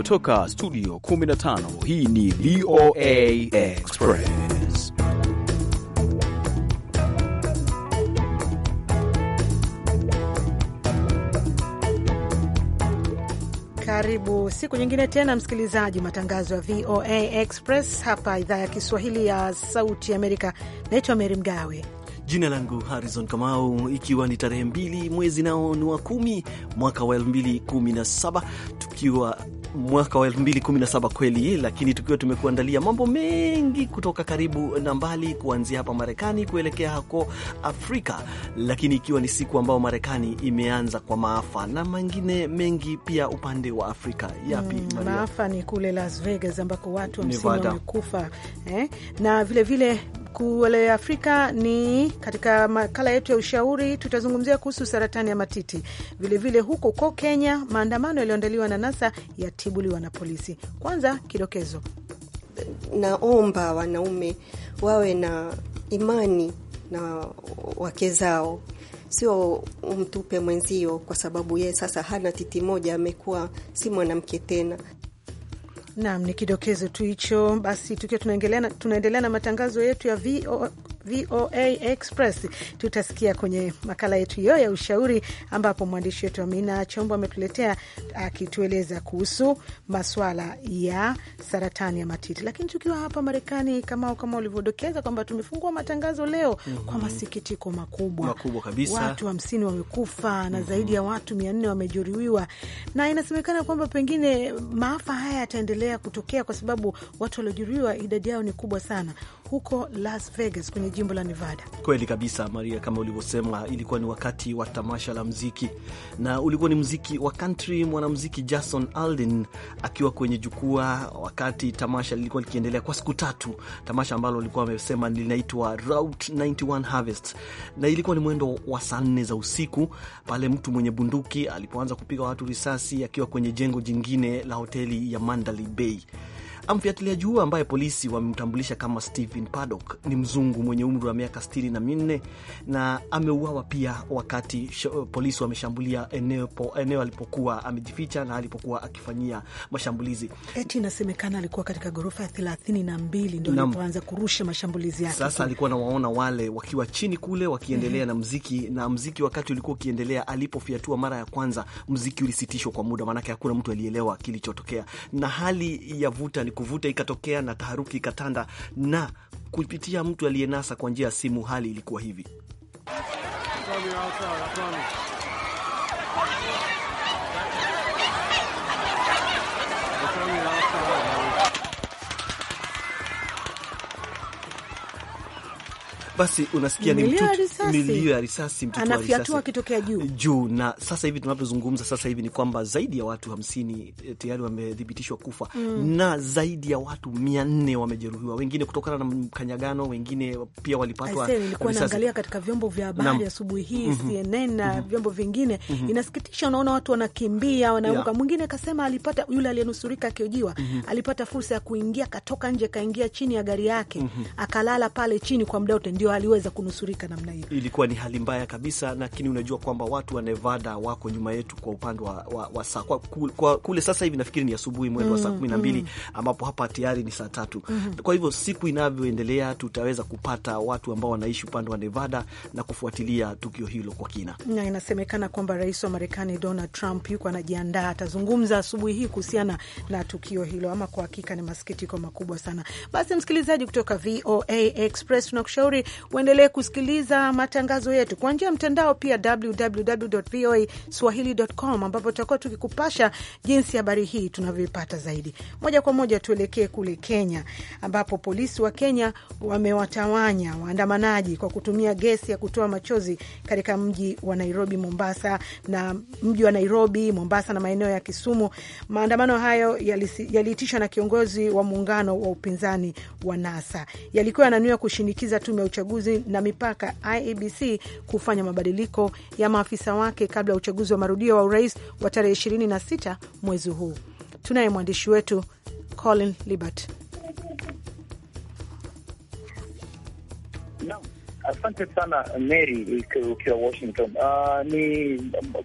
kutoka studio 15 hii ni VOA Express. Karibu siku nyingine tena, msikilizaji, matangazo ya VOA Express hapa idhaa ya Kiswahili ya Sauti Amerika. Naitwa Meri Mgawe. Jina langu Harrison Kamau, ikiwa ni tarehe mbili mwezi nao ni wa kumi mwaka wa elfu mbili kumi na saba ukiwa mwaka wa 2017 kweli, lakini tukiwa tumekuandalia mambo mengi kutoka karibu na mbali, kuanzia hapa Marekani kuelekea hako Afrika, lakini ikiwa ni siku ambayo Marekani imeanza kwa maafa na mengine mengi pia upande wa Afrika. Yapi mm, maafa ni kule Las Vegas ambako watu hamsini wamekufa eh? na vilevile vile kule Afrika ni katika makala yetu ya ushauri, tutazungumzia kuhusu saratani ya matiti. Vilevile vile huko ko Kenya, maandamano yaliyoandaliwa na NASA yatibuliwa na polisi. Kwanza kidokezo, naomba wanaume wawe na imani na wake zao, sio umtupe mwenzio kwa sababu yeye sasa hana titi moja, amekuwa si mwanamke tena. Nam ni kidokezo tu hicho. Basi tukiwa tunaendelea na matangazo yetu ya VOA VOA Express tutasikia kwenye makala yetu hiyo ya ushauri, ambapo mwandishi wetu Amina Chombo ametuletea akitueleza kuhusu maswala ya saratani ya matiti. Lakini tukiwa hapa Marekani, kama kama ulivyodokeza kwamba tumefungua matangazo leo mm -hmm. kwa masikitiko makubwa makubwa kabisa, watu hamsini wa wamekufa na mm -hmm. zaidi ya watu mia nne wamejeruhiwa, na inasemekana kwamba pengine maafa haya yataendelea kutokea kwa sababu watu waliojeruhiwa idadi yao ni kubwa sana huko Las Vegas kwenye kwenye jimbo la Nevada. Kweli kabisa, Maria, kama ulivyosema, ilikuwa ni wakati wa tamasha la mziki na ulikuwa ni mziki wa country, mwanamziki Jason Alden akiwa kwenye jukwaa wakati tamasha lilikuwa likiendelea kwa siku tatu, tamasha ambalo alikuwa amesema linaitwa Route 91 Harvest, na ilikuwa ni mwendo wa saa nne za usiku pale mtu mwenye bunduki alipoanza kupiga watu risasi akiwa kwenye jengo jingine la hoteli ya Mandalay Bay. Mfuatiliaji huo ambaye polisi wamemtambulisha kama Stephen Paddock ni mzungu mwenye umri wa miaka sitini na minne na ameuawa pia wakati polisi wameshambulia eneo, eneo alipokuwa amejificha na alipokuwa akifanyia mashambulizi. Eti inasemekana alikuwa katika ghorofa ya thelathini na mbili ndo alipoanza kurusha mashambulizi yake. Sasa alikuwa nawaona wale wakiwa chini kule wakiendelea mm -hmm. na mhm. mziki, na mziki wakati ulikuwa ukiendelea, alipofiatua mara ya kwanza mziki ulisitishwa kwa muda, maanake hakuna mtu alielewa kilichotokea na hali ya vuta ni kuvuta ikatokea na taharuki ikatanda, na kupitia mtu aliyenasa kwa njia ya simu, hali ilikuwa hivi basi unasikia ni milio ya risasi, mtutu anafyatua akitokea juu juu. Na sasa hivi tunavyozungumza sasa hivi ni kwamba zaidi ya watu hamsini eh, tayari wamethibitishwa kufa mm, na zaidi ya watu mia nne wamejeruhiwa, wengine kutokana na mkanyagano, wengine pia walipatwa Nilikuwa Naangalia katika vyombo vya habari asubuhi hii mm -hmm. CNN na mm -hmm. vyombo vingine mm -hmm. inasikitisha, unaona watu wanakimbia wanaruka, yeah. Mwingine akasema alipata, yule aliyenusurika akiojiwa mm -hmm. alipata fursa ya kuingia, katoka nje, kaingia chini ya gari yake mm -hmm. akalala pale chini kwa muda wote ndio aliweza kunusurika namna hiyo. Ilikuwa ni hali mbaya kabisa, lakini unajua kwamba watu wa Nevada wako nyuma yetu kwa upande wa, wa, wa saa kwa kule sasa hivi nafikiri ni asubuhi mwendo wa saa mm, kumi na mbili mm. ambapo hapa tayari ni saa tatu. Mm-hmm. Kwa hivyo siku inavyoendelea tutaweza kupata watu ambao wanaishi upande wa Nevada na kufuatilia tukio hilo kwa kina. Na inasemekana kwamba rais wa Marekani Donald Trump yuko anajiandaa, atazungumza asubuhi hii kuhusiana na tukio hilo. Ama kwa hakika ni masikitiko makubwa sana. Basi msikilizaji, kutoka VOA Express tunakushauri Uendelee kusikiliza matangazo yetu kwa njia ya mtandao pia www voa swahilicom, ambapo tutakuwa tukikupasha jinsi habari hii tunavyoipata zaidi. Moja kwa moja tuelekee kule Kenya, ambapo polisi wa Kenya wamewatawanya waandamanaji kwa kutumia gesi ya kutoa machozi katika mji wa Nairobi, Mombasa na mji wa Nairobi, Mombasa na maeneo ya Kisumu. Maandamano hayo yaliitishwa yali na kiongozi wa muungano wa upinzani wa NASA, yalikuwa yananuia kushinikiza tume ya uchaguzi na mipaka IEBC kufanya mabadiliko ya maafisa wake kabla ya uchaguzi wa marudio wa urais wa tarehe 26 mwezi huu. Tunaye mwandishi wetu Colin Libert. Asante sana Mary, ukiwa Washington. Uh, ni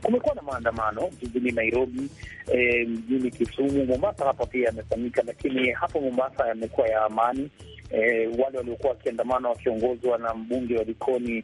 kumekuwa na maandamano jijini Nairobi, eh, mjini Kisumu, Mombasa hapa pia yamefanyika, lakini hapo Mombasa yamekuwa ya amani eh, wale waliokuwa wakiandamana wakiongozwa na mbunge wa Likoni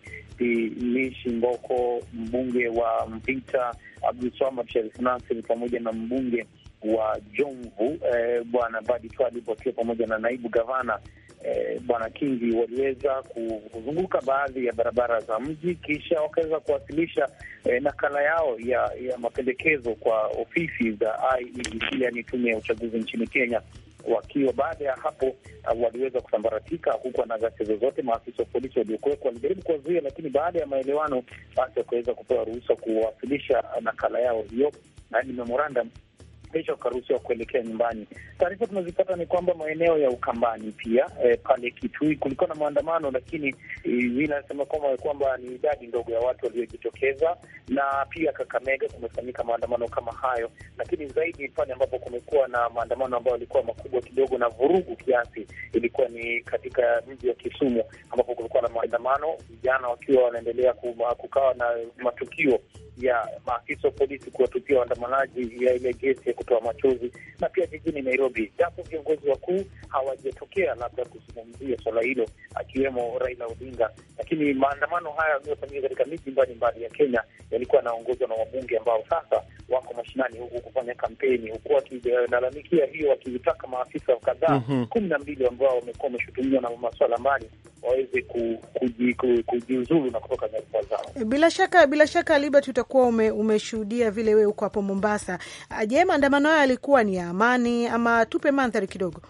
Lishi Ngoko, mbunge wa Mpita Abdulswamad Sharif Nasir pamoja na mbunge wa Jomvu eh, bwana Badi Twalib wakiwa pamoja na naibu gavana eh, bwana Kingi waliweza kuzunguka baadhi ya barabara za mji, kisha wakaweza kuwasilisha eh, nakala yao ya, ya mapendekezo kwa ofisi za IEBC, yaani tume ya uchaguzi nchini Kenya wakiwa baada ya hapo uh, waliweza kusambaratika, huku na ghasia zozote. Maafisa wa polisi waliokuwekwa walijaribu kuwazuia, lakini baada ya maelewano, basi wakaweza kupewa ruhusa kuwasilisha nakala yao hiyo, yani memorandum kisha ukaruhusiwa kuelekea nyumbani. Taarifa tunazipata ni kwamba maeneo ya Ukambani pia e, pale Kitui kulikuwa na maandamano, lakini hii eh, inasema kwamba kwamba ni idadi ndogo ya watu waliojitokeza, na pia Kakamega kumefanyika maandamano kama hayo, lakini zaidi pale ambapo kumekuwa na maandamano ambayo yalikuwa makubwa kidogo na vurugu kiasi, ilikuwa ni katika mji wa Kisumu ambapo kulikuwa na maandamano, vijana wakiwa wanaendelea kukawa na matukio ya maafisa wa polisi kuwatupia waandamanaji ya ile gesi ya kutoa machozi, na pia jijini Nairobi, japo viongozi wakuu hawajatokea labda kuzungumzia swala hilo, akiwemo Raila Odinga, lakini maandamano haya yaliyofanyika katika miji mbalimbali ya Kenya yalikuwa yanaongozwa na wabunge ambao sasa wako mashinani, huku kufanya kampeni, huku wakilalamikia hiyo, wakiitaka maafisa kadhaa mm -hmm. kumi na mbili ambao wamekuwa wameshutumiwa na maswala mbali waweze kujiuzulu na kutoka nyadhifa zao. Bila shaka bila shaka, Libert, utakuwa ume, umeshuhudia vile wewe uko hapo Mombasa. Ah, je, maandamano hayo yalikuwa ni ya amani ama tupe mandhari kidogo?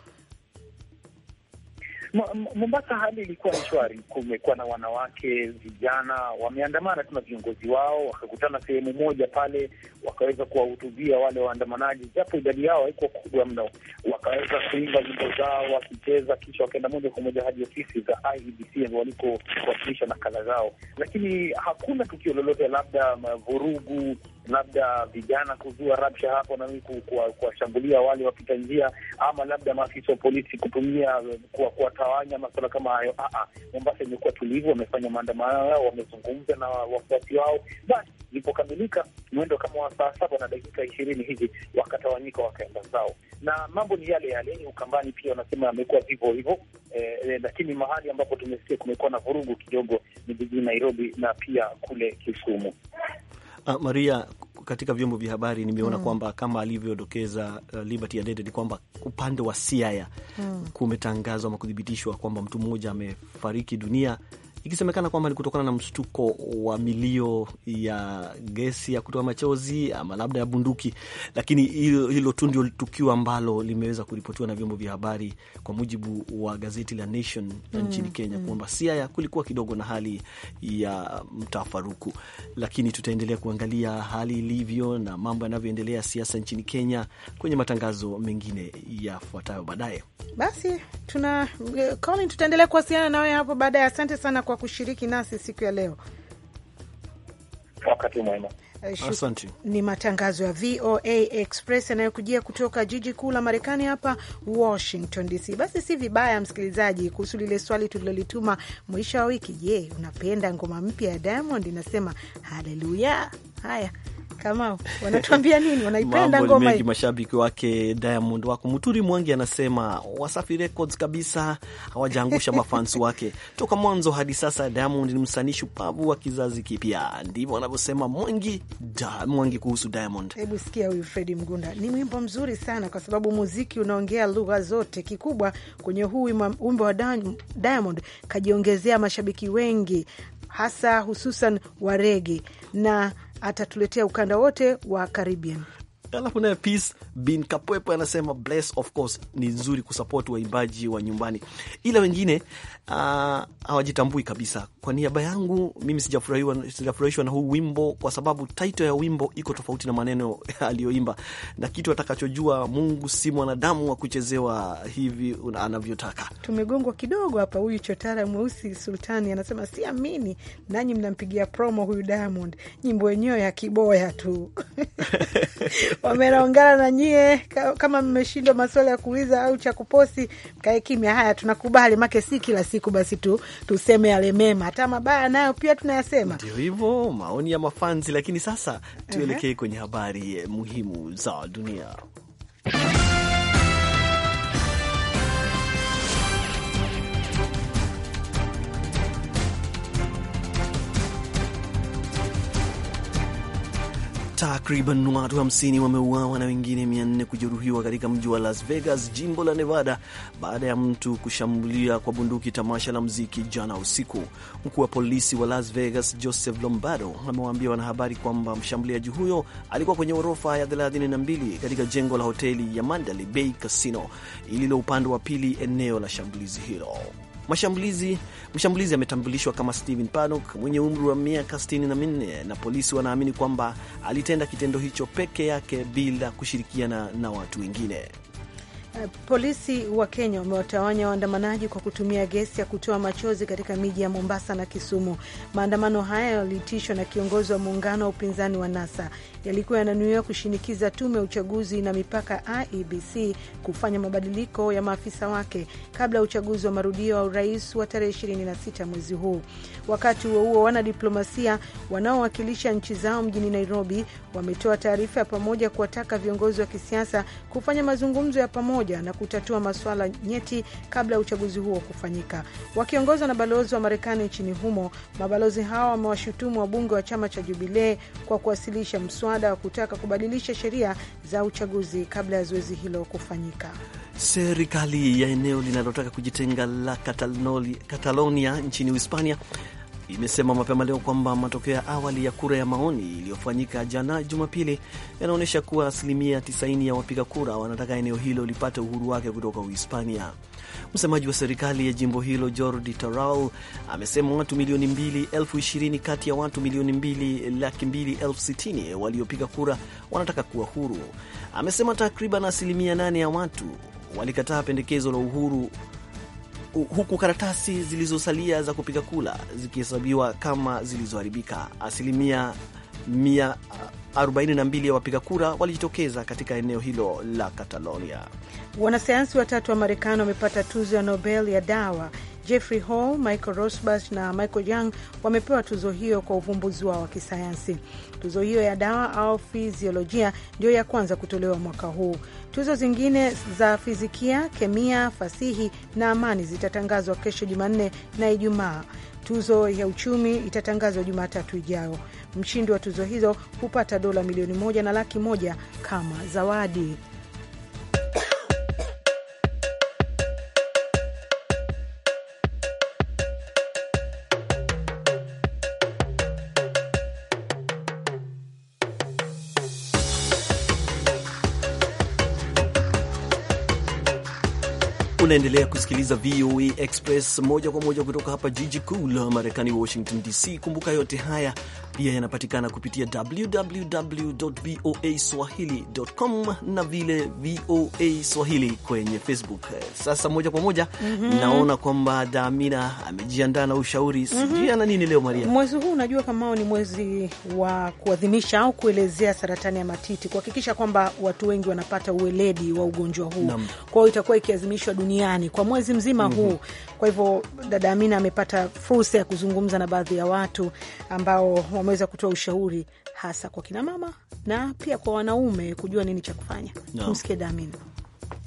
Mombasa hali ilikuwa ni shwari. Kumekuwa na wanawake, vijana wameandamana tu na viongozi wao, wakakutana sehemu moja pale, wakaweza kuwahutubia wale waandamanaji, japo idadi yao haikuwa kubwa mno. Wakaweza kuimba nyimbo zao wakicheza, kisha wakaenda moja kwa moja hadi ofisi za IEBC ambao walikowakilisha nakala zao, lakini hakuna tukio lolote labda vurugu labda vijana kuzua rabsha hapo na kuwashambulia wale wapita njia, ama labda maafisa wa polisi kutumia kuwatawanya masuala kama hayo. Ah, ah, Mombasa imekuwa tulivu, wamefanya maandamano yao, wamezungumza na wafuasi wao. Basi ilipokamilika mwendo kama wa saa saba na dakika ishirini hivi, wakatawanyika wakaenda zao, na mambo ni yale yale. Ukambani pia wanasema amekuwa vivo hivyo, eh, eh, lakini mahali ambapo tumesikia kumekuwa na vurugu kidogo ni jijini Nairobi na pia kule Kisumu. Uh, Maria, katika vyombo vya habari nimeona mm. kwamba kama alivyodokeza uh, Liberty Adede ni kwamba upande wa Siaya mm. kumetangazwa ama kuthibitishwa kwamba mtu mmoja amefariki dunia ikisemekana kwamba ni kutokana na mshtuko wa milio ya gesi ya kutoa machozi ama labda ya bunduki, lakini hilo, hilo tu ndio tukio ambalo limeweza kuripotiwa na vyombo vya habari kwa mujibu wa gazeti la Nation mm, nchini Kenya mm, kwamba Siaya kulikuwa kidogo na hali ya mtafaruku, lakini tutaendelea kuangalia hali ilivyo na mambo yanavyoendelea siasa nchini Kenya kwenye matangazo mengine yafuatayo baadaye. Basi tuna eh, Colin, tutaendelea kuwasiliana nawe hapo baadaye. Asante sana kwa kwa kushiriki nasi siku ya leo. Wakati mwema. Eh, Asante. Ni matangazo ya VOA Express yanayokujia kutoka jiji kuu la Marekani hapa Washington DC. Basi si vibaya msikilizaji, kuhusu lile swali tulilolituma mwisho wa wiki. Je, unapenda ngoma mpya ya Diamond? Inasema haleluya. Haya, Kamau, wanatuambia nini? Wanaipenda ngoma hii. Mashabiki wake Diamond wako Muturi Mwangi anasema Wasafi Records kabisa hawajaangusha mafans wake toka mwanzo hadi sasa. Diamond ni msanii shupavu wa kizazi kipya, ndivyo wanavyosema Mwangi da, Mwangi kuhusu Diamond. Hebu sikia huyu Fredi Mgunda, ni mwimbo mzuri sana kwa sababu muziki unaongea lugha zote. Kikubwa kwenye huu wimbo wa Diamond kajiongezea mashabiki wengi, hasa hususan wa na atatuletea ukanda wote wa Caribbean. Alafu naye Peace bin Kapwepo anasema Bless of course ni nzuri kusupport waimbaji wa nyumbani, ila wengine ah, hawajitambui uh, kabisa. Kwa niaba yangu mimi sijafurahishwa na huu wimbo kwa sababu title ya wimbo iko tofauti na maneno aliyoimba, na kitu atakachojua Mungu si mwanadamu wa kuchezewa hivi anavyotaka. Tumegongwa kidogo hapa. Huyu chotara mweusi Sultani anasema siamini, nanyi mnampigia promo huyu Diamond, nyimbo yenyewe ya kiboya tu wameraongana na nyie. Kama mmeshindwa maswala ya kuuliza au cha kuposi, mkae kimya. Haya, tunakubali make si kila siku basi tu tuseme yale mema, hata mabaya nayo pia tunayasema. Ndio hivyo maoni ya mafanzi, lakini sasa tuelekee kwenye habari eh, muhimu za dunia. Takriban watu 50 wameuawa na wengine 400 kujeruhiwa katika mji wa Las Vegas, jimbo la Nevada, baada ya mtu kushambulia kwa bunduki tamasha la mziki jana usiku. Mkuu wa polisi wa Las Vegas, Joseph Lombardo, amewaambia wanahabari kwamba mshambuliaji huyo alikuwa kwenye ghorofa ya 32 katika jengo la hoteli ya Mandalay Bay Casino ililo upande wa pili eneo la shambulizi hilo. Mashambulizi mshambulizi ametambulishwa kama Stephen Paddock mwenye umri wa miaka 64 na polisi wanaamini kwamba alitenda kitendo hicho peke yake bila kushirikiana na watu wengine. Eh, polisi wa Kenya wamewatawanya waandamanaji kwa kutumia gesi ya kutoa machozi katika miji ya Mombasa na Kisumu. Maandamano haya yaliitishwa na kiongozi wa muungano wa upinzani wa NASA, yalikuwa yananuiwa kushinikiza tume ya uchaguzi na mipaka IEBC kufanya mabadiliko ya maafisa wake kabla ya uchaguzi wa marudio wa urais wa tarehe 26 mwezi huu. Wakati huo huo, wanadiplomasia wanaowakilisha nchi zao mjini Nairobi wametoa taarifa ya pamoja kuwataka viongozi wa kisiasa kufanya mazungumzo ya pamoja pamoja na kutatua masuala nyeti kabla ya uchaguzi huo kufanyika. Wakiongozwa na balozi wa Marekani nchini humo, mabalozi hawa wamewashutumu wabunge wa chama cha Jubilee kwa kuwasilisha mswada wa kutaka kubadilisha sheria za uchaguzi kabla ya zoezi hilo kufanyika. Serikali ya eneo linalotaka kujitenga la Katalonia nchini Uhispania imesema mapema leo kwamba matokeo ya awali ya kura ya maoni iliyofanyika jana Jumapili yanaonyesha kuwa asilimia 90 ya wapiga kura wanataka eneo hilo lipate uhuru wake kutoka Uhispania. Msemaji wa serikali ya jimbo hilo Jordi Taral amesema watu milioni mbili elfu ishirini kati ya watu milioni mbili laki mbili elfu sitini waliopiga kura wanataka kuwa huru. Amesema takriban asilimia 8 ya watu walikataa pendekezo la uhuru huku karatasi zilizosalia za kupiga kula zikihesabiwa kama zilizoharibika. Asilimia 42 uh, ya wapiga kura walijitokeza katika eneo hilo la Catalonia. Wanasayansi watatu wa Marekani wamepata tuzo ya Nobel ya dawa. Jeffrey Hall, Michael Rosbash na Michael Young wamepewa tuzo hiyo kwa uvumbuzi wao wa kisayansi. Tuzo hiyo ya dawa au fiziolojia ndiyo ya kwanza kutolewa mwaka huu. Tuzo zingine za fizikia, kemia, fasihi na amani zitatangazwa kesho Jumanne na Ijumaa. Tuzo ya uchumi itatangazwa Jumatatu ijayo. Mshindi wa tuzo hizo hupata dola milioni moja na laki moja kama zawadi. Unaendelea kusikiliza VOA Express moja kwa moja kutoka hapa jiji kuu la Marekani, Washington DC. Kumbuka yote haya pia yanapatikana kupitia www voa swahili.com na vile VOA Swahili kwenye Facebook. Sasa moja kwa moja mm -hmm. Naona kwamba damina amejiandaa na ushauri mm -hmm. ana nini leo Maria. Mwezi huu unajua kamao ni mwezi wa kuadhimisha au kuelezea saratani ya matiti, kuhakikisha kwamba watu wengi wanapata uweledi wa ugonjwa huu. Kwa hiyo itakuwa ikiadhimishwa dunia duniani kwa mwezi mzima mhm. huu mm -hmm. Kwa hivyo dada Amina amepata fursa ya kuzungumza na baadhi ya watu ambao wameweza kutoa ushauri hasa kwa kinamama na pia kwa wanaume kujua nini cha kufanya. Tumsikie no. dada Damina.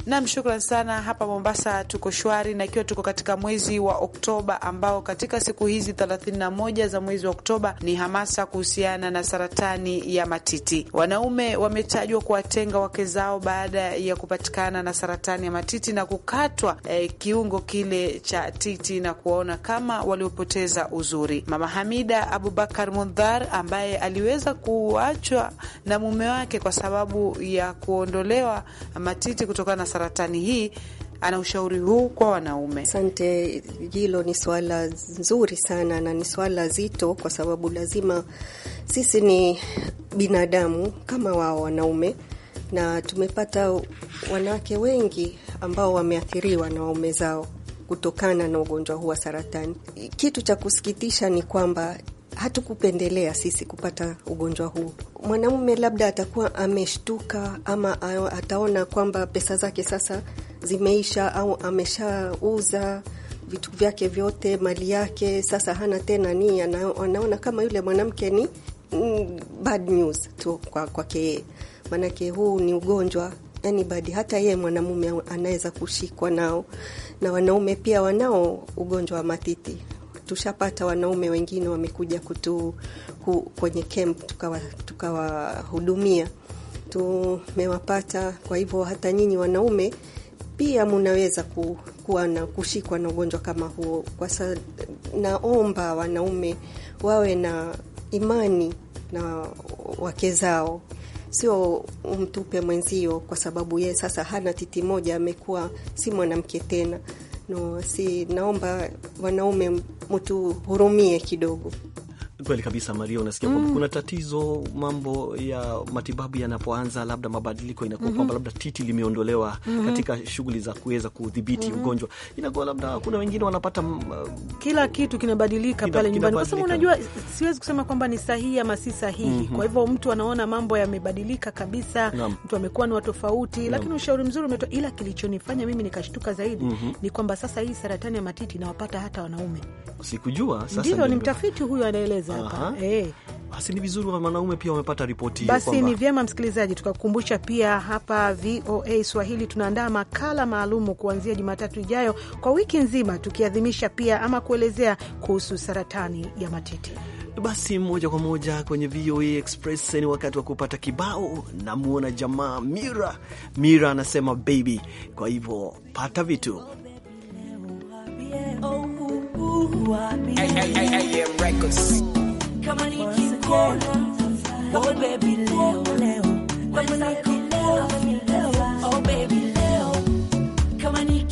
Nam, shukran sana. Hapa Mombasa tuko shwari, na ikiwa tuko katika mwezi wa Oktoba ambao katika siku hizi 31 za mwezi wa Oktoba ni hamasa kuhusiana na saratani ya matiti. Wanaume wametajwa kuwatenga wake zao baada ya kupatikana na saratani ya matiti na kukatwa eh, kiungo kile cha titi na kuwaona kama waliopoteza uzuri. Mama Hamida Abubakar Mundhar ambaye aliweza kuachwa na mume wake kwa sababu ya kuondolewa matiti kutokana saratani hii ana ushauri huu kwa wanaume. Asante, hilo ni swala nzuri sana na ni swala zito, kwa sababu lazima sisi ni binadamu kama wao wanaume, na tumepata wanawake wengi ambao wameathiriwa na waume zao kutokana na ugonjwa huu wa saratani. Kitu cha kusikitisha ni kwamba hatukupendelea sisi kupata ugonjwa huu. Mwanamume labda atakuwa ameshtuka ama ataona kwamba pesa zake sasa zimeisha au ameshauza vitu vyake vyote, mali yake, sasa hana tena nii, anaona kama yule mwanamke ni mm, bad news tu kwake kwa maanake huu ni ugonjwa anybody, hata yeye mwanamume anaweza kushikwa nao, na wanaume pia wanao ugonjwa wa matiti tushapata wanaume wengine wamekuja kutu hu, kwenye camp tukawahudumia, tukawa tumewapata. Kwa hivyo hata nyinyi wanaume pia munaweza ku, kuwa na kushikwa na ugonjwa kama huo. Kwa sa, naomba wanaume wawe na imani na wake zao, sio umtupe mwenzio kwa sababu ye sasa hana titi moja, amekuwa si mwanamke tena. No, si naomba wanaume mtuhurumie kidogo. Kweli kabisa Maria, unasikia kwamba mm. kuna tatizo mambo ya matibabu yanapoanza, labda mabadiliko inakuwa mm -hmm. kwamba labda titi limeondolewa mm -hmm. katika shughuli za kuweza kudhibiti mm -hmm. ugonjwa, inakuwa labda kuna wengine wanapata mm, uh, kila kitu kinabadilika pale nyumbani, kwa sababu unajua, siwezi kusema kwamba ni sahihi ama si sahihi mm -hmm. kwa hivyo mtu anaona mambo yamebadilika kabisa Nam. mtu amekuwa ni tofauti, lakini ushauri mzuri umetoa, ila kilichonifanya mimi nikashtuka zaidi mm -hmm. ni kwamba sasa hii saratani ya matiti inawapata hata wanaume. Sikujua sasa, ndio ni mtafiti huyu anaeleza kueleza hapa eh. Basi ni vizuri wanaume pia wamepata ripoti hiyo. Basi ni vyema msikilizaji, tukakukumbusha pia hapa VOA Swahili tunaandaa makala maalumu kuanzia Jumatatu ijayo kwa wiki nzima, tukiadhimisha pia ama kuelezea kuhusu saratani ya matiti. Basi moja kwa moja kwenye VOA Express ni wakati wa kupata kibao. Namwona jamaa Mira Mira anasema baby, kwa hivyo pata vitu oh, I, kama nikikona oh baby leo leo oh, kama nikikona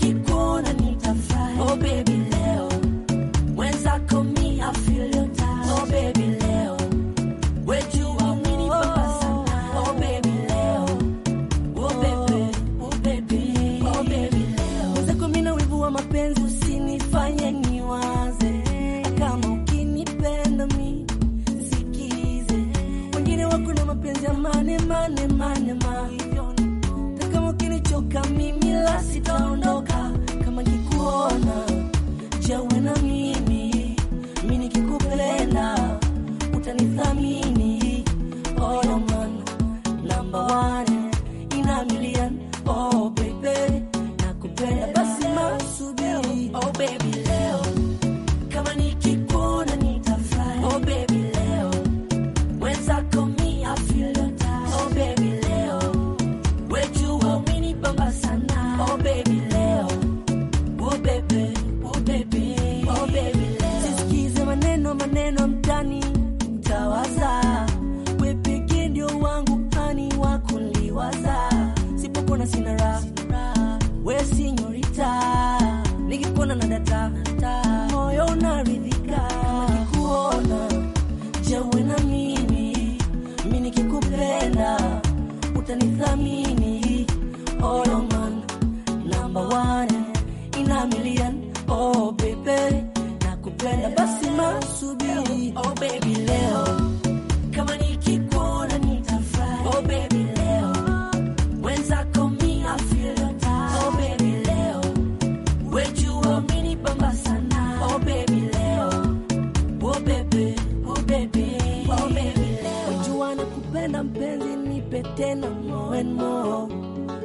tena more and more.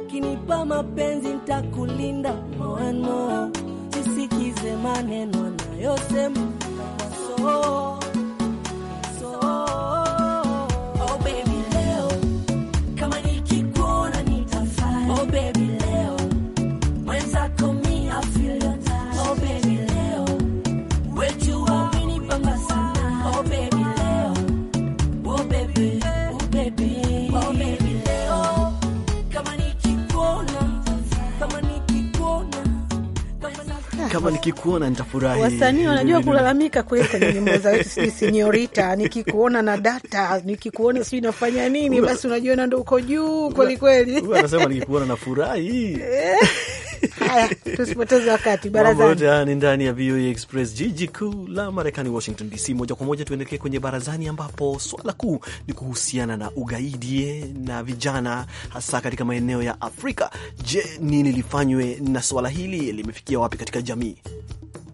Kinipa mapenzi ntakulinda more and more. Sisikize maneno anayosema so hapa nikikuona nitafurahi. Wasanii wanajua kulalamika kweli kwenye nyimbo wetu, sijui Sinyorita, nikikuona na data, nikikuona sijui nafanya nini, basi unajiona ndo uko juu kwelikweli. Anasema nikikuona nafurahi Haya, tusipoteze wakati barazani. Ndani ya VOA Express, jiji kuu la Marekani, Washington DC. Moja kwa moja tuendekee kwenye barazani, ambapo swala kuu ni kuhusiana na ugaidi eh, na vijana, hasa katika maeneo ya Afrika. Je, nini lifanywe na swala hili limefikia wapi katika jamii?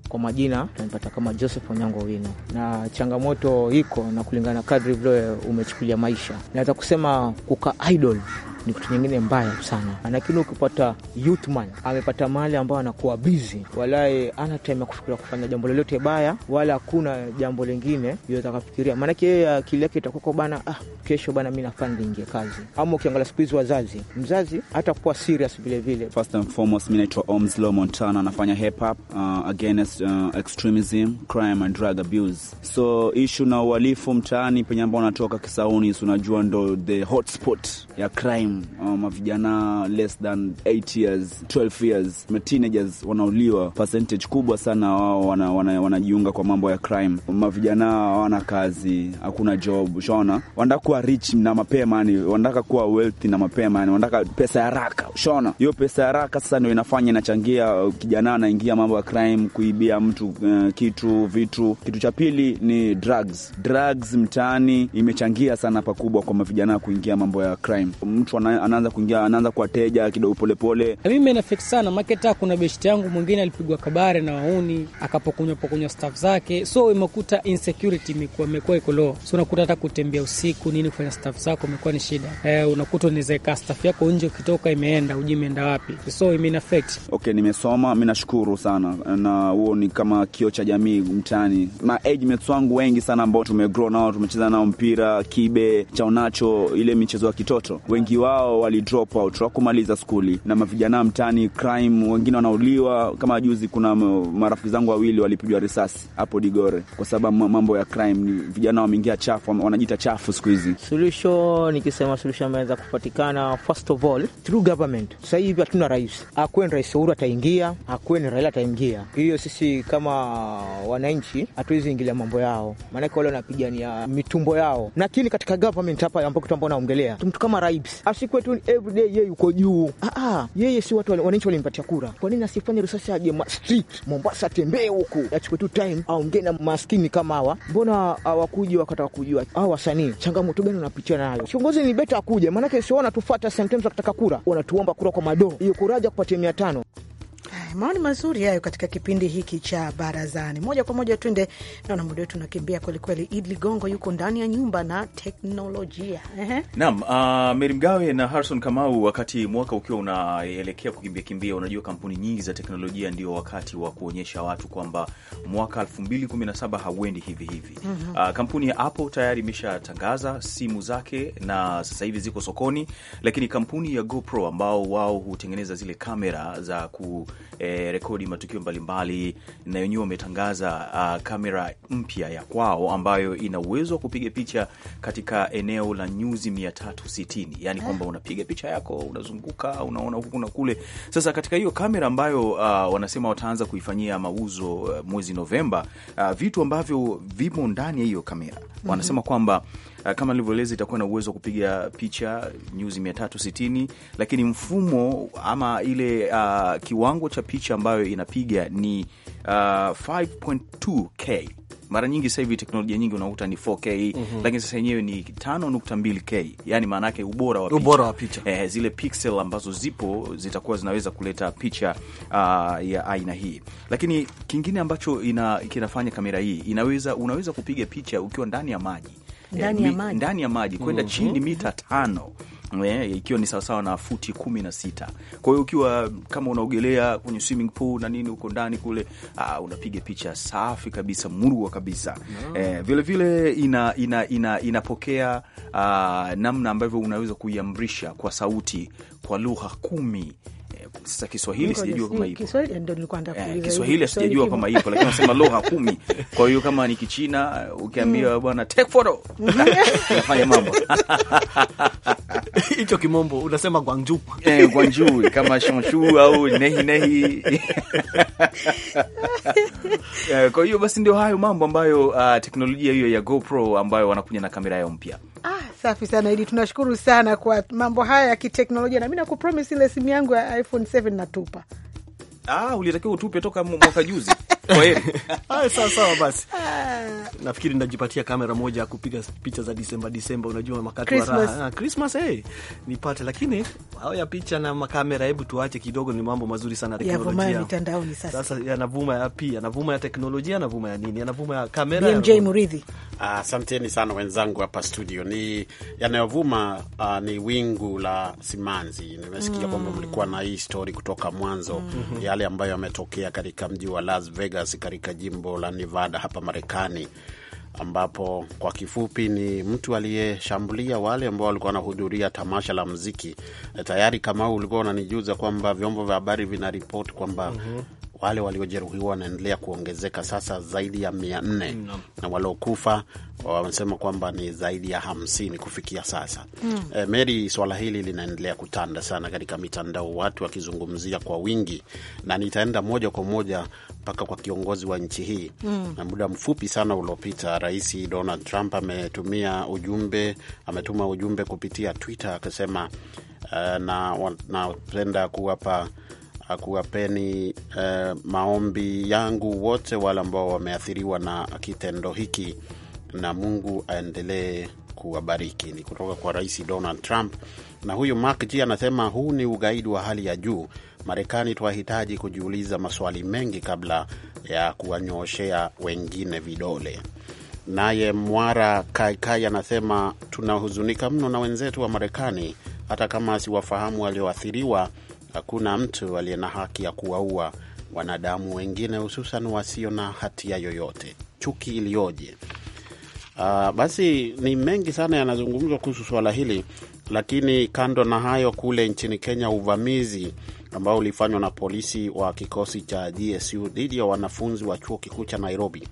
Kwa majina tunampata kama Joseph Onyango Wino, na changamoto iko na kulingana kadri vile umechukulia maisha, naweza kusema kuka idol ni kitu nyingine mbaya sana, lakini ukipata youthman amepata mali ambayo anakuwa bizi, walaye ana time ya kufikiria kufanya jambo lolote baya, wala hakuna jambo lingine yoweza kafikiria, maanake yeye akili yake itakuwako bana, ah, kesho bana, mi nafaa niingie kazi. Ama ukiangalia siku hizi wazazi, mzazi hata kuwa serious vilevile. First and foremost, mi naitwa Omslo Montana, anafanya hip hop uh, against uh, extremism crime and drug abuse, so ishu na uhalifu mtaani penye ambao anatoka Kisauni, unajua ndo the hotspot ya crime Mm, mavijana um, less than 8 years 12 years teenagers wanauliwa, percentage kubwa sana wao wanajiunga wana, wana kwa mambo ya crime. Mavijana hawana kazi, hakuna job, ushaona, wanataka kuwa rich na mapema, yani wanataka kuwa wealthy na mapema, yani wanataka pesa ya haraka, ushaona. Hiyo pesa ya haraka sasa ndio inafanya inachangia uh, kijana anaingia mambo ya crime, kuibia mtu uh, kitu vitu. Kitu cha pili ni drugs. Drugs mtaani imechangia sana pakubwa kwa mavijana kuingia mambo ya crime. Mtu anaanza kuingia, anaanza kuwateja kidogo polepole. Mimi imenafect sana maketa. Kuna beshte yangu mwingine alipigwa kabare na wauni, akapokunywa pokunywa staff zake, so imekuta insecurity imekuwa imekuwa iko low, so unakuta hata kutembea usiku nini kufanya staff zako imekuwa ni shida. Eh, unakuta unaweza kaa staff yako nje, ukitoka imeenda uji imeenda wapi, so imenafect. Okay, nimesoma mimi, nashukuru sana, na huo ni kama kio cha jamii mtaani. mates wangu wengi sana ambao tumegrow nao, tumecheza nao mpira, kibe, chaonacho, ile michezo ya kitoto, wengi wao ambao wali drop out wakumaliza skuli na mavijana mtaani, crime, wengine wanauliwa. Kama juzi kuna marafiki zangu wawili walipigwa risasi hapo Digore kwa sababu mambo ya crime, ni vijana wameingia chafu, wanajiita chafu siku hizi. Solution nikisema solution ameweza kupatikana, first of all through government. Sasa hivi hatuna rais, akuwe ni Rais Uhuru ataingia, akuwe ni Raila ataingia. Hiyo sisi kama wananchi hatuwezi ingilia mambo yao, maanake wale wanapigania mitumbo yao, lakini katika government hapa ambapo kitu ambao naongelea mtu kama rais Asikwe kwetu everyday yeye yuko juu. Ah, ah. yeye si watu wananchi walimpatia kura, kwa nini asifanye risasi aje street Mombasa, tembee huku, achukue tu time aongee na maskini kama hawa? Mbona hawakuji wakataka kujua hawa wasanii changamoto gani wanapitia nayo? Kiongozi ni beta akuje, maanake si wanatufuata sometimes wakitaka kura, wanatuomba kura kwa madoo, hiyo kuraja kupatia mia tano maoni mazuri hayo katika kipindi hiki cha barazani. Moja kwa moja twende, naona muda wetu unakimbia kwelikweli. Id Ligongo yuko ndani ya nyumba na teknolojia. Naam, uh, Meri Mgawe na Harrison Kamau, wakati mwaka ukiwa unaelekea kukimbia kimbia, unajua kampuni nyingi za teknolojia ndio wakati wa kuonyesha watu kwamba mwaka 2017 hauendi hivi hivi. mm -hmm. Uh, kampuni ya Apple tayari imeshatangaza simu zake na sasa hivi ziko sokoni, lakini kampuni ya GoPro ambao wao hutengeneza zile kamera za ku eh, rekodi matukio mbalimbali, na wenyewe wametangaza uh, kamera mpya ya kwao ambayo ina uwezo wa kupiga picha katika eneo la nyuzi 360, yani eh. kwamba unapiga picha yako, unazunguka, unaona huku na kule. Sasa katika hiyo kamera ambayo uh, wanasema wataanza kuifanyia mauzo uh, mwezi Novemba, uh, vitu ambavyo vimo ndani ya hiyo kamera mhm. wanasema kwamba mm -hmm. Uh, kama nilivyoeleza, itakuwa na uwezo wa kupiga picha nyuzi 360, lakini mfumo ama ile uh, kiwango cha picha ambayo inapiga ni uh, 5.2K. Mara nyingi sasa hivi teknolojia nyingi unakuta ni 4K mm -hmm. Lakini sasa yenyewe ni 5.2K, yani maana yake ubora wa picha, ubora wa picha. Eh, zile pixel ambazo zipo zitakuwa zinaweza kuleta picha uh, ya aina hii. Lakini kingine ambacho ina, kinafanya kamera hii inaweza, unaweza kupiga picha ukiwa ndani ya maji Eh, ndani eh, ya maji, ndani ya maji kwenda mm -hmm. chini mita tano eh, ikiwa ni sawasawa na futi kumi na sita. Kwa hiyo ukiwa kama unaogelea kwenye swimming pool na nini huko ndani kule, uh, unapiga picha safi kabisa murua kabisa no. Ah. Eh, vilevile ina, ina, ina, inapokea uh, namna ambavyo unaweza kuiamrisha kwa sauti kwa lugha kumi sasa Kiswahili sijajua kama ipo. Kiswahili ndio nilikuwa nataka eh, kuuliza. Kiswahili sijajua kama ipo, lakini nasema lugha kumi. Kwa hiyo kama ni Kichina ukiambia mm. bwana take photo mambo. Hicho kimombo unasema Guangzhou. Eh, Guangzhou kama shonshu au nehi nehi. Eh, kwa hiyo basi ndio hayo mambo ambayo uh, teknolojia hiyo ya GoPro ambayo wanakuja na kamera yao mpya Safi sana Idi, tunashukuru sana kwa mambo haya ya kiteknolojia, na mi nakupromis ile simu yangu ya iPhone 7 natupa. Ah, ulitakiwa utupe toka mwaka juzi kwa hiyo haya, sawa sawa, basi ah. nafikiri nitajipatia kamera moja ya kupiga picha za Disemba Disemba, unajua wakati wa raha ah, Christmas, eh nipate. Lakini hao ya picha na makamera, hebu tuache kidogo, ni mambo mazuri sana teknolojia ya mitandaoni. Sasa sasa yanavuma ya pia yanavuma ya teknolojia, yanavuma ya nini, yanavuma ya kamera. BMJ Muridhi, ah, asanteni uh, sana wenzangu hapa studio. Ni yanayovuma uh, ni wingu la simanzi. Nimesikia mm. kwamba mlikuwa na hii story kutoka mwanzo mm -hmm. yale ambayo yametokea katika mji wa Las Vegas Vegas katika jimbo la Nevada hapa Marekani, ambapo kwa kifupi ni mtu aliyeshambulia wale ambao walikuwa wanahudhuria tamasha la mziki. E, tayari kama ulikuwa unanijuza kwamba vyombo vya habari vinaripoti kwamba mm -hmm wale waliojeruhiwa wanaendelea kuongezeka sasa zaidi ya mia nne mm, no. na waliokufa uh, wamesema kwamba ni zaidi ya hamsini kufikia sasa mm. E, eh, Meri, swala hili linaendelea kutanda sana katika mitandao, watu wakizungumzia kwa wingi, na nitaenda moja kwa moja mpaka kwa kiongozi wa nchi hii mm. na muda mfupi sana uliopita, Rais Donald Trump ametumia ujumbe, ametuma ujumbe kupitia Twitter akasema, uh, na napenda kuwapa hakuwapeni eh, maombi yangu wote wale ambao wameathiriwa na kitendo hiki, na Mungu aendelee kuwabariki. Ni kutoka kwa Rais Donald Trump. Na huyu Mark G anasema huu ni ugaidi wa hali ya juu. Marekani twahitaji kujiuliza maswali mengi kabla ya kuwanyooshea wengine vidole. Naye Mwara Kaikai anasema tunahuzunika mno na wenzetu wa Marekani, hata kama asiwafahamu walioathiriwa hakuna mtu aliye na haki ya kuwaua wanadamu wengine, hususan wasio na hatia yoyote. Chuki iliyoje! Uh, basi ni mengi sana yanazungumzwa kuhusu swala hili, lakini kando na hayo, kule nchini Kenya uvamizi ambao ulifanywa na polisi wa kikosi cha GSU dhidi ya wanafunzi wa chuo kikuu cha Nairobi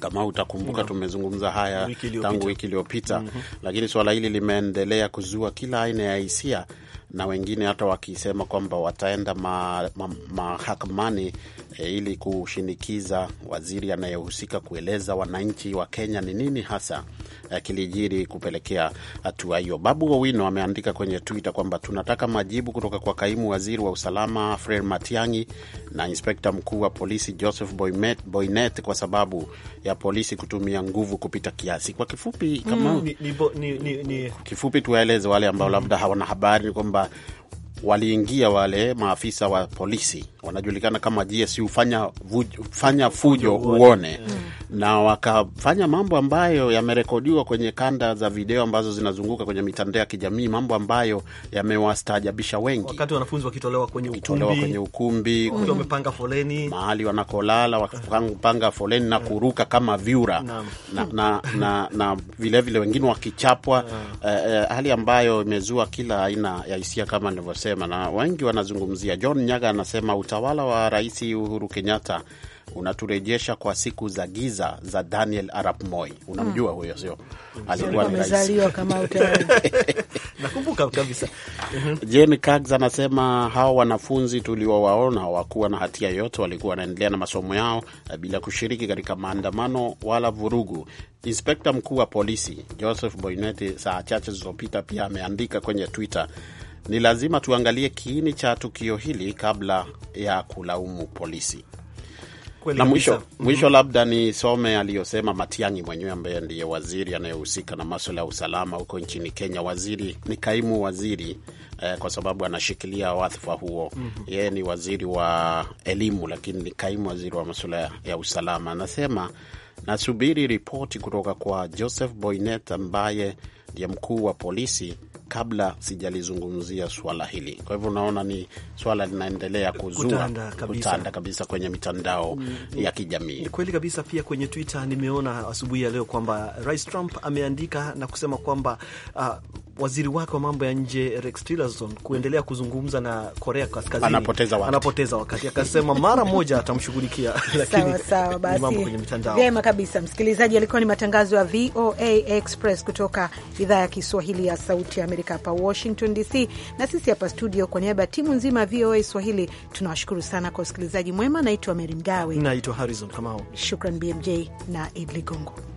kama utakumbuka, Tumezungumza haya wiki tangu wiki iliyopita mm -hmm. Lakini suala hili limeendelea kuzua kila aina ya hisia na wengine hata wakisema kwamba wataenda mahakamani ma, ma, e, ili kushinikiza waziri anayehusika kueleza wananchi wa Kenya ni nini hasa e, kilijiri kupelekea hatua hiyo. Babu Owino ameandika kwenye Twitter kwamba tunataka majibu kutoka kwa kaimu waziri wa usalama Fred Matiang'i na inspekta mkuu wa polisi Joseph Boynet, Boynet kwa sababu ya polisi kutumia nguvu kupita kiasi. Kwa kifupi, kama mm, ni, ni, ni, ni, kifupi tuwaeleze wale ambao mm, labda hawana habari kwamba waliingia wale maafisa wa polisi wanajulikana kama GSU, fanya, fanya fujo uone mm. Na wakafanya mambo ambayo yamerekodiwa kwenye kanda za video ambazo zinazunguka kwenye mitandao ya kijamii, mambo ambayo yamewastaajabisha wengi, wakati wanafunzi wakitolewa kwenye ukumbi, kwenye ukumbi mm. wamepanga foleni mahali wanakolala, wakipanga foleni na kuruka kama vyura na, na, na, na, na vilevile wengine wakichapwa eh, eh, hali ambayo imezua kila aina ya hisia kama nilivyosema, na wengi wanazungumzia. John Nyaga anasema utawala wa Rais Uhuru Kenyatta unaturejesha kwa siku za giza za Daniel Arap Moi. Unamjua hmm. huyo, sio? Alikuwa ni nakumbuka kabisa. Mhm. Jane anasema hao wanafunzi tuliowaona wakuwa na hatia yote, walikuwa wanaendelea na masomo yao eh, bila kushiriki katika maandamano wala vurugu. Inspekta mkuu wa polisi Joseph Boineti saa chache zilizopita pia ameandika kwenye Twitter ni lazima tuangalie kiini cha tukio hili kabla ya kulaumu polisi. Na mwisho, mm -hmm. Mwisho labda nisome aliyosema Matiang'i mwenyewe ambaye ndiye waziri anayehusika na maswala ya usalama huko nchini Kenya. Waziri ni kaimu waziri eh, kwa sababu anashikilia wadhifa huo. mm -hmm. Yeye ni waziri wa elimu, lakini ni kaimu waziri wa maswala ya usalama. Anasema nasubiri ripoti kutoka kwa Joseph Boynet ambaye ndiye mkuu wa polisi kabla sijalizungumzia swala hili. Kwa hivyo unaona ni swala linaendelea kuzua kutanda kabisa, kutanda kabisa kwenye mitandao mm, ya kijamii. kweli kabisa. Pia kwenye Twitter nimeona asubuhi ya leo kwamba Rais Trump ameandika na kusema kwamba uh, waziri wake wa mambo ya nje Rex Tillerson kuendelea kuzungumza na Korea Kaskazini, anapoteza wakati, anapoteza wakati. Akasema mara moja atamshughulikia lakini sawa sawa, basi kwenye mitandao vyema kabisa. Msikilizaji, alikuwa ni matangazo ya VOA Express kutoka idhaa ya Kiswahili ya Sauti ya Amerika hapa Washington DC, na sisi hapa studio, kwa niaba ya timu nzima ya VOA Swahili tunawashukuru sana kwa usikilizaji mwema. Naitwa Meri Mgawe, naitwa Harrison Kamau, shukran BMJ na Id Ligongo.